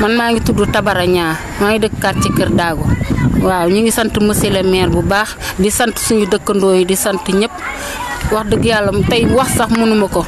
man maa ngi tudd Tabara Ñaa maa ngi dëkk quartier Kër Daago waaw ñu ngi sant monsieur le maire bu baax di sant suñu dëkkandoo yi di sant ñëpp wax dëgg yàlla tey wax sax mënuma ko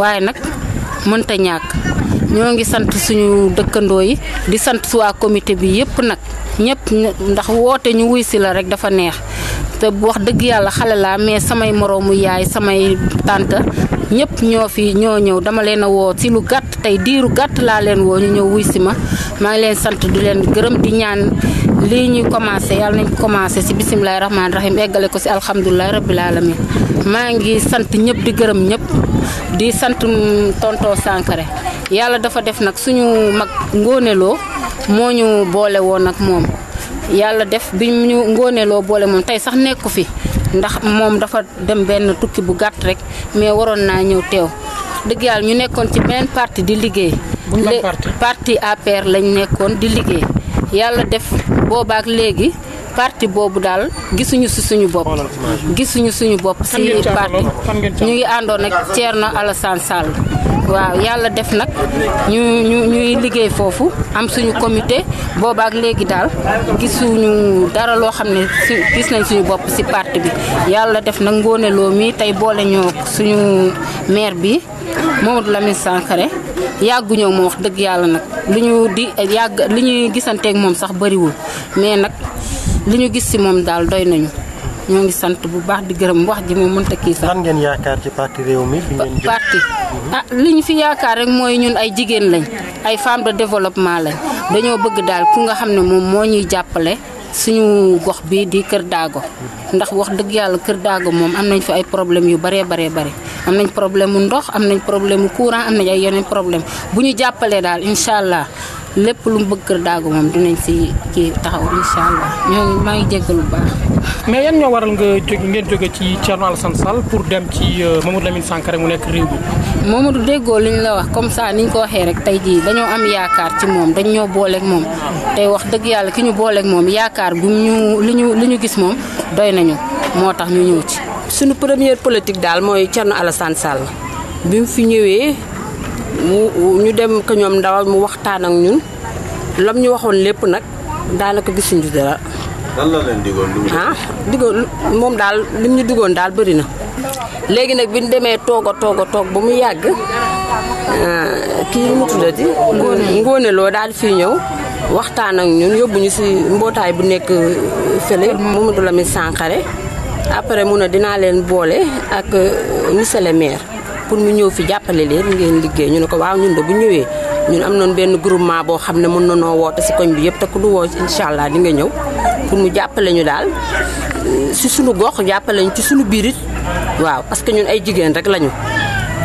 waaye nag mënta ñàkk ñoo ngi sant suñu dëkkandoo yi di sant waa comité bi yëpp nag ñëpp ndax woote ñu wuy si la rek dafa neex te wax dëgg yàlla xale laa mais samay yaay samay tante ñëpp ñoo fi ñoo ñëw dama leen a woo si lu gàtt tey diiru gàtt laa leen woo ñu ñëw wuy si ma maa ngi leen sant du leen gërëm di ñaan lii ñuy commencé yàlla nañ ko commencé si bisimilahi rahmaani rahim eggale ko si alhamdulilahi rabbil alamin maa ngi sant ñëpp di gërëm ñëpp di sant tonton Sankare yàlla dafa def nag suñu mag ngóoneloo moo ñu boole woon nag moom yàlla def bi ñu ngoonee loo boole moom tey sax nekku fi ndax moom dafa dem benn tukki bu gàtt rek mais waroon naa ñëw teew dëgg yàlla ñu nekkoon ci benn parti di liggéey. parti APR lañ nekkoon di liggéey yàlla def boobaak léegi parti boobu daal gisuñu si suñu bopp. gisuñu suñu bopp si parti ñu ngi àndoon ak Thierno Alassane Sall. waaw yàlla def nag ñu ñu ñuy liggéey foofu am suñu comité boobaak léegi daal gisuñu dara loo xam ne gis nañ suñu bopp ci parti bi yàlla def nag Ngoné Lo mi tey boole ñoo suñu maire bi Mamadou Lamine Sankaré yàggu ñëw wax dëgg yàlla nag lu ñu di yàgg li ñuy gisanteeg moom sax bëriwul mais nag li ñu gis ci moom daal doy nañu ñoo ngi sant bu baax di gërëm wax ji moom mënta kii sax. lan ngeen yaakaar ci parti réew mi. bi ah li ñu fi yaakaar rek mooy ñun ay jigéen lañ ay femmes de développement lañ dañoo bëgg daal ku nga xam ne moom moo ñuy jàppale. suñu gox bi di Kër Daago ndax wax dëgg yàlla Kër Daago moom am nañ fi ay problème yu baree baree bare am nañ problème mu ndox am nañ problème mu courant am nañ ay yeneen problème bu ñu jàppalee daal incha lépp lu mu bëgg kër daagu moom dinañ si kii taxaw incha allah ñoo maa ngi jéggal bu baax. mais yan ñoo waral nga jóg ngeen jóge ci Thierno Alassane Sall pour dem ci euh, Mamadou Lamine Sankharé mu nekk réew bi Mamadou déggoo li ñu la wax comme ça ni ko waxee rek tey jii dañoo am yaakaar ci moom dañ ñoo booleeg moom. tey wax dëgg yàlla ki ñu booleek moom yaakaar bu ñu lu ñu li ñu gis moom doy nañu moo tax ñu ñëw ci. suñu première politique daal mooy Thierno Alassane Sall bi mu fi ñëwee. ñu dem ko ñoom ndawal mu waxtaan ak ñun lam ñu waxoon lépp nag daanaka gisuñu dara. lan ah, moom daal lim ñu digoon daal bëri na. léegi nag bi ñu demee toog a toog a toog ba mu yàgg ah, kii mu tuddati. ngóone loo daal fi ñëw. waxtaan ak ñun yóbbu ñu si mbootaay bu nekk uh, fële. Mamadou Lamine Sankhare après mun a dinaa leen boole ak uh, monsieur le maire. pour mu ñëw fi jappalé leen ngeen liggéey ñu ne ko waaw ñun do bu ñëwé ñun am non benn groupement bo xamné mën na no woote ci koñ bi yépp te ku du wo inshallah allah di nga ñëw pour mu jappalé ñu daal ci suñu gox jappalé ñu ci suñu birit waaw parce que ñun ay jigéen rek lañu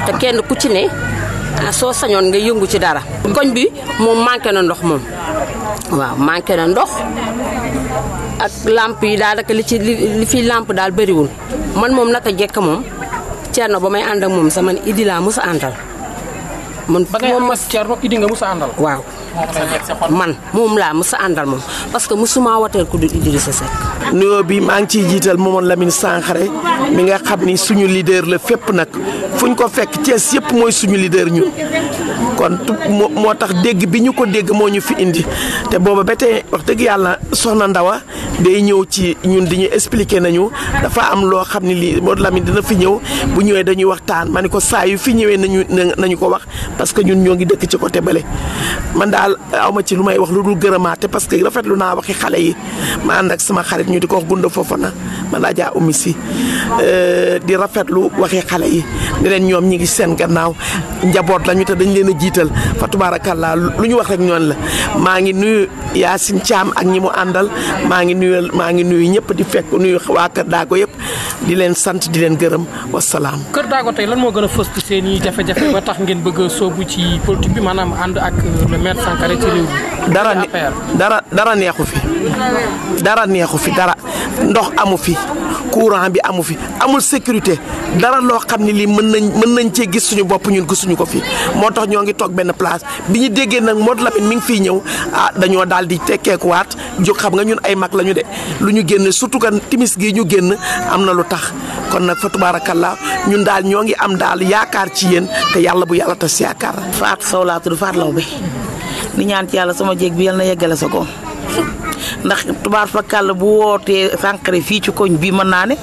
te kenn ku ci né ah, so sañon nga yëngu ci dara koñ bi moom manké na ndox mom waaw manké na ndox ak lampe yi ak li ci li fi lamp daal wul man mom naka jekk mom Thierno bamay and ak mom sama Idi la musa andal man ba mas Thierno Idi nga musa andal waaw man mom la musa andal mom parce que musuma watel kudul idi Idrissa Seck. nuyo bi ma ngi ci jital momon Lamine Sankhare mi nga xamni suñu leader le fep nak fuñ ko fekk ties yep moy suñu leader ñun kon moo tax dégg bi ñu ko dégg ñu fi indi te booba ba tey wax dëgg yàlla soxna ndawa day ñëw ci ñun di expliquer nañu dafa am loo xam ne lii Modou Lamine dina fi ñëw bu ñëwee dañuy waxtaan ma ne ko yu fi ñëwee nañu nañu ko wax parce que ñun ñoo ngi ci côté bale man daal awma ci lu may wax lu dul gërëmaate parce que rafetlu naa waxi xale yi ma ànd ak sama xarit ñu di ko wax man ummi si di waxi yi ñi ngi seen gannaaw lañu te dañ jiital fa tubaarakàllaa lu ñu wax rek ñoon la maa ngi nuyu Yacine Thiam ak ñi mu àndal maa ngi nuyal maa ngi nuyu ñëpp di fekk nuyu waa Kër Daago yëpp di leen sant di leen gërëm wasalaam. Kër Daago tey lan moo gën a fës ci seen i jafe-jafe ba tax ngeen bëgg a soobu ci politique bi maanaam ànd ak le maire Sankaré ci réew mi. dara neexu fi dara neexu fi dara. ndox amu fi courant bi amu fi amul sécurité dara loo xam ne lii mën nañ mën nañ cee gis suñu bopp ñun gisuñu ko fi moo tax ñoo ngi toog benn place bi ñu déggee nag Modou Lamine mi ngi fiy ñëw ah dañoo daal di tekkeekuwaat jóg xam nga ñun ay mag la ñu de lu ñu génn surtout que timis gi ñu génn am na lu tax kon nag fa la ñun daal ñoo ngi am daal yaakaar ci yéen te yàlla bu yàlla tas yaakaar. Faat Sow laa tudd Faat Law bi ni ñaan ci yàlla sama jéeg bi na yeggale ko ndax tubaar fa kàll bu wootee Sankharé fii ci koñ bii mën naa ne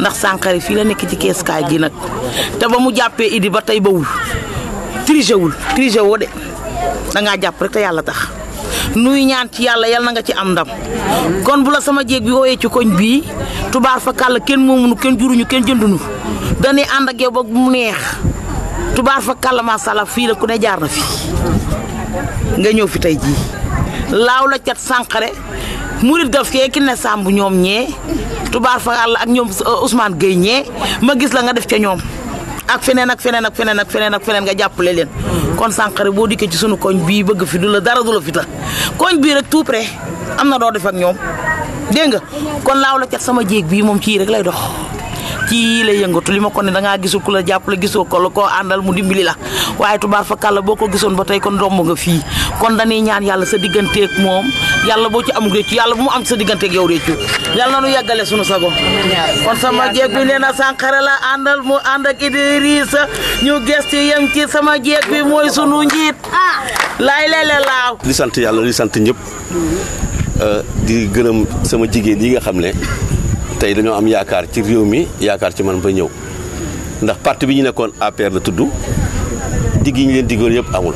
ndax Sankharé fii la nekk ci keeskaay gi nag te ba mu jàppee Idi ba tey bawul triché wul triché woo de dangaa jàpp rek te yàlla tax nuy ñaan ci yàlla yàlla na nga ci am ndam kon bu la sama jéeg bi wooyee ci koñ bii tubaar fa kàll kenn moomunu kenn juruñu kenn jënduñu dañuy ànd ak yow ba mu neex tubaar fa kàll masala fii la ku ne jaar na fi nga ñëw fi tey jii laaw la cat sànqare murit gaf kee ki ne sàmb ñoom ñee tubaar fa àll ak ñoom euh, Ousmane Gueye ñee ma gis la nga def ca ñoom ak feneen ak feneen ak feneen ak feneen ak feneen nga jàppale leen kon sànqare boo dikkee ci sunu koñ bii bëgg fi du la dara du la fi ta koñ bii rek tout près am na doo def ak ñoom dégg nga kon laaw la cat sama jéeg bii moom ci rek lay dox ci lay yëngatu li ma ko ne da ngaa gisul ku la jàppale gisoo ko la koo àndal mu dimbali la waaye tubaar fa kàlla boo ko gisoon ba tey kon romb nga fii kon dañuy ñaan yàlla sa digganteeg moom yàlla boo ci amul réccu yàlla bu mu am sa digganteeg yow réccu yàlla na yàggale sunu sago kon sama jeeg bi nee na sànqare la àndal mu ànd ak Idrissa ñu gesti yem ci sama jeeg bi mooy sunu njiit laay leele laaw di sant yàlla di sant ñëpp di gërëm sama jigéen yi nga xam ne tey dañoo am yaakaar ci réew mi yaakaar ci man ba ñëw ndax parti bi ñu nekkoon APR la tudd digg yi ñu leen diggoon yëpp amul.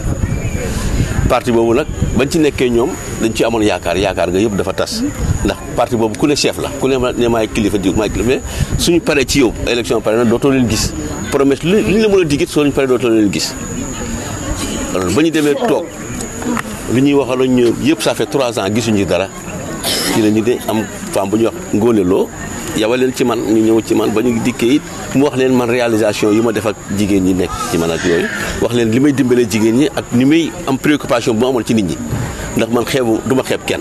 parti boobu nag bañ ci nekkee ñoom dañ ci amoon yaakaar yaakaar nga yëpp dafa tas ndax parti boobu ku ne chef la ku ne ne kilifa di maay kilifa mais suñu paree ci yow élection pare na dootoo leen gis promesse li ñu la mën a digit soo ñu paree dootoo leen gis alors ba ñu demee toog lu ñuy waxaloon ñëw yëpp ça fait trois ans gisuñu dara. ci la nit ñi am femme bu ñuy wax ngóoleloo yawaleen ci man ñu ñëw ci man ba ñu dikkee it mu wax leen man réalisation yi ma def ak jigéen ñi nekk ci man ak yooyu wax leen li may dimbalee jigéen ñi ak ni may am préoccupation bu ma amoon ci nit ñi ndax man xeebu du ma xeeb kenn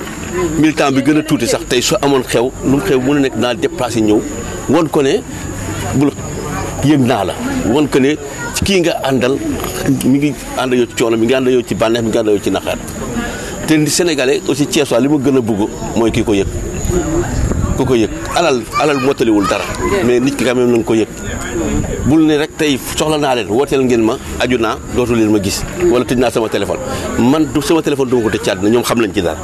militant bi gën a tuuti sax tey su amoon xew lu mu xew mu a nekk naa déplacé ñëw wan ko ne bul yëg naa la wan ko ne kii nga àndal mi ngi ànd yow ci coono mi ngi ànd yoo ci bànneex mi ngi ci naqar te di sénégalais aussi Thiessois li ma gën a bëgg mooy kii ko yëg ku ko yëg alal alal mottaliwul dara mais nit ki quand na nga ko yëg bul ne rek tey soxla naa leen wooteel ngeen ma aju naa dootu leen ma gis wala tëj naa sama téléphone man sama téléphone du ma ko tëj ci àddina ñoom xam nañ ci dara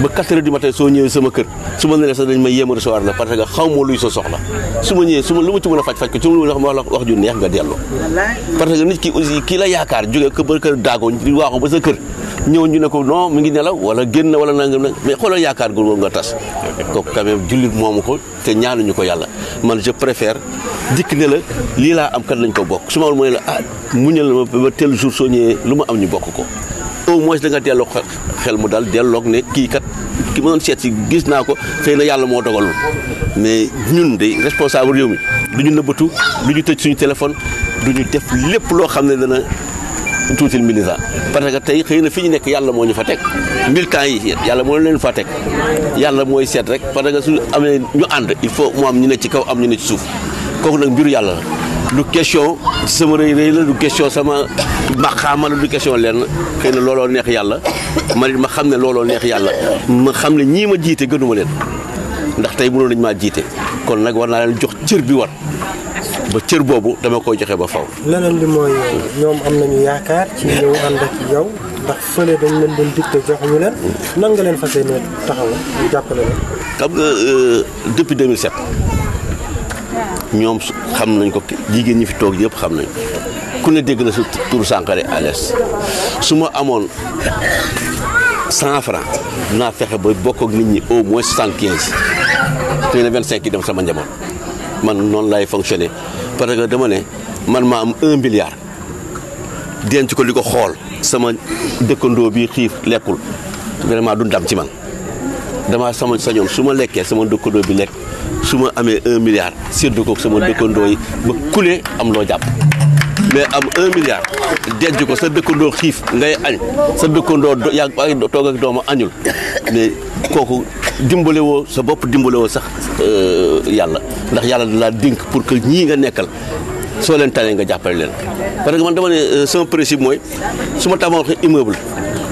ba 4 heures du matin soo ñëwee sama kër su ma nee sax dañ ma yéem a recevoir la parce que xaw ma luy sa soxla su ma ñëwee su ma lu ma ci mën a faj faj ko su ma lu ma wax wax ñëw ñu ne ko non mu ngi nelaw wala génn wala nangam nag mais xoolal yaakaar gu nga tas kooku quand même jullit moomu ko te ñu ko yàlla man je préfère dikk ne la lii laa am kat lañ ko bokk su ma mooy la ah muñal ma ba tel jour soo lu ma am ñu bokk ko au moins da nga xel mu dal delloog ne kii kat ki ma doon seet si gis naa ko xëy na yàlla moo dogalul mais ñun de responsable réew mi du ñu nëbbatu du ñu tëj suñu téléphone du ñu def lépp loo xam ne dana tuutil militant parce que tey xëy na fi ñu nekk yàlla moo ñu fa teg militant yi yàlla moo leen fa teg yàlla mooy seet rek parce que su amee ñu ànd il faut moo am ñu ne ci kaw am ñu ne ci suuf kooku nag mbiru yàlla la du question sama rëy rëy la du question sama maqaama la du question lenn xëy na looloo neex yàlla man it ma xam ne looloo neex yàlla ma xam ne ñii ma jiite gënuma leen ndax tey mënoon nañu maa jiite kon nag war naa leen jox cir bi war ba cër boobu dama koy joxe ba faw leneen li mooy ñoom am nañu yaakaar ci ñëw ànd ak yow ndax fële dañ leen doon dicté joxuñu leen nan nga leen fas yéene taxaw ñu jàppale leen. xam nga euh, depuis 2007 ñoom xam nañ ko jigéen ñi fi toog yëpp xam nañ ku ne dégg na sa turu sànqare à su ma amoon cent franc fexe ba bokk ak nit ñi au moins soixante quinze te ne vingt cinq yi dem sama njaboot man noonu lay fonctionner parce que dama ne man maa am un milliard denc ko li ko xool sama dëkkandoo bi xiif lekkul vraiment du ndam ci man dama sama sañoon su ma lekkee sama dëkkandoo bi lekk su ma amee un milliard séddu ko sama dëkkandoo yi ba am loo jàpp am un ko sa dëkkandoo xiif ngay añ sa dëkkandoo yaa ngi toog ak dooma añul mais kooku dimbale woo sa bopp dimbale woo sax euh, yàlla ndax yàlla dalaa dénk pour que ñii nga nekkal soo leen tànnee nga jàppale leen parce que man dama ne euh, sama principe mooy su ma tabaxee immeuble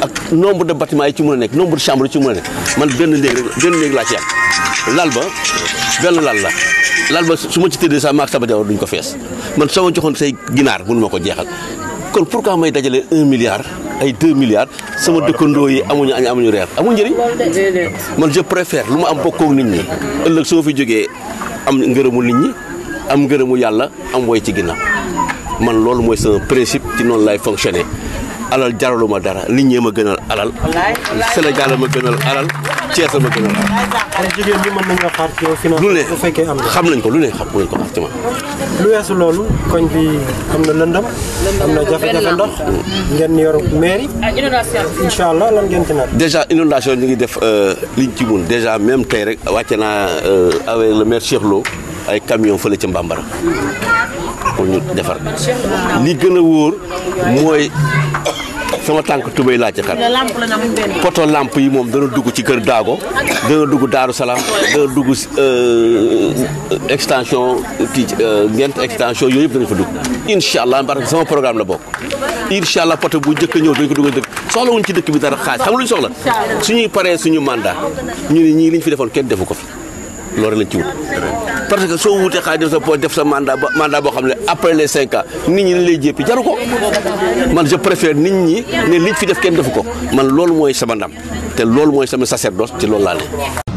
ak nombre de bâtiment yi ci mun a nekk nombre de chambre yi ci mën a nekk man benn néeg rek laa ci yàq lal ba benn lal la lal ba su ma ci tëddee sax maag sama jawar duñ ko fees man soo ma joxoon say ginaar mënu ma ko jeexal kon pourquoi may dajale 1 milliard ay 2 milliards sama dëkkandoo yi amuñu añ amuñu reer amuñu njëriñ man je préfère luma ma am bokkoog nit ñi ëllëg so fi joggé am ngërëmu nit ñi am ngërëmu yalla am way ci ginnam man lool moy sama principe ci non lay fonctionner alal jaraluma dara nit ñi ma gënal alal Sénégal ma gënal alal Thiès la ma gën a laal. jigéen ñi mën nañoo xaar ci yow. financement bu fekkee am na xam nañ ko lu ne xam nañ ko xaar ci man. lu weesu loolu koñ bi am na lëndam. am na jafe-jafe ndox. ngeen yor mairie. incha allah lan ngeen ci nar. dèjà inondation ñu ngi def euh, liñ ci mun dèjà même tey rek wàcce naa euh, avec le maire Cheikh Lo ay camion fële ca Mbambara pour ñu defar li gën a wóor mooy. sama tànk tubéy laa ci xar poto làmp yi moom dana dugg ci kër daago dana dugg daaru salaam dana dugg euh, extension kii ngent euh, extension yooyu yëpp dana fa dugg incha allah parce que sama programme la bokk incha allah poto bu njëkk a ñëw dañ ko dugg dëkk soxla wuñ ci dëkk bi dara xaaj xam luñ soxla suñuy paree suñu mandat ñu ne ñii liñ fi defoon kenn defu ko loolu lañ ci wut. parce que soo wutee xaalis sa poche def sa mandat ba mandat boo xam ne après les cinq ans nit ñi dañ lay jéppi jaru ko man je préfère nit ñi ne liñ fi def kenn defu ko man loolu mooy sama ndam te loolu mooy sama sacerdoce ci loolu laa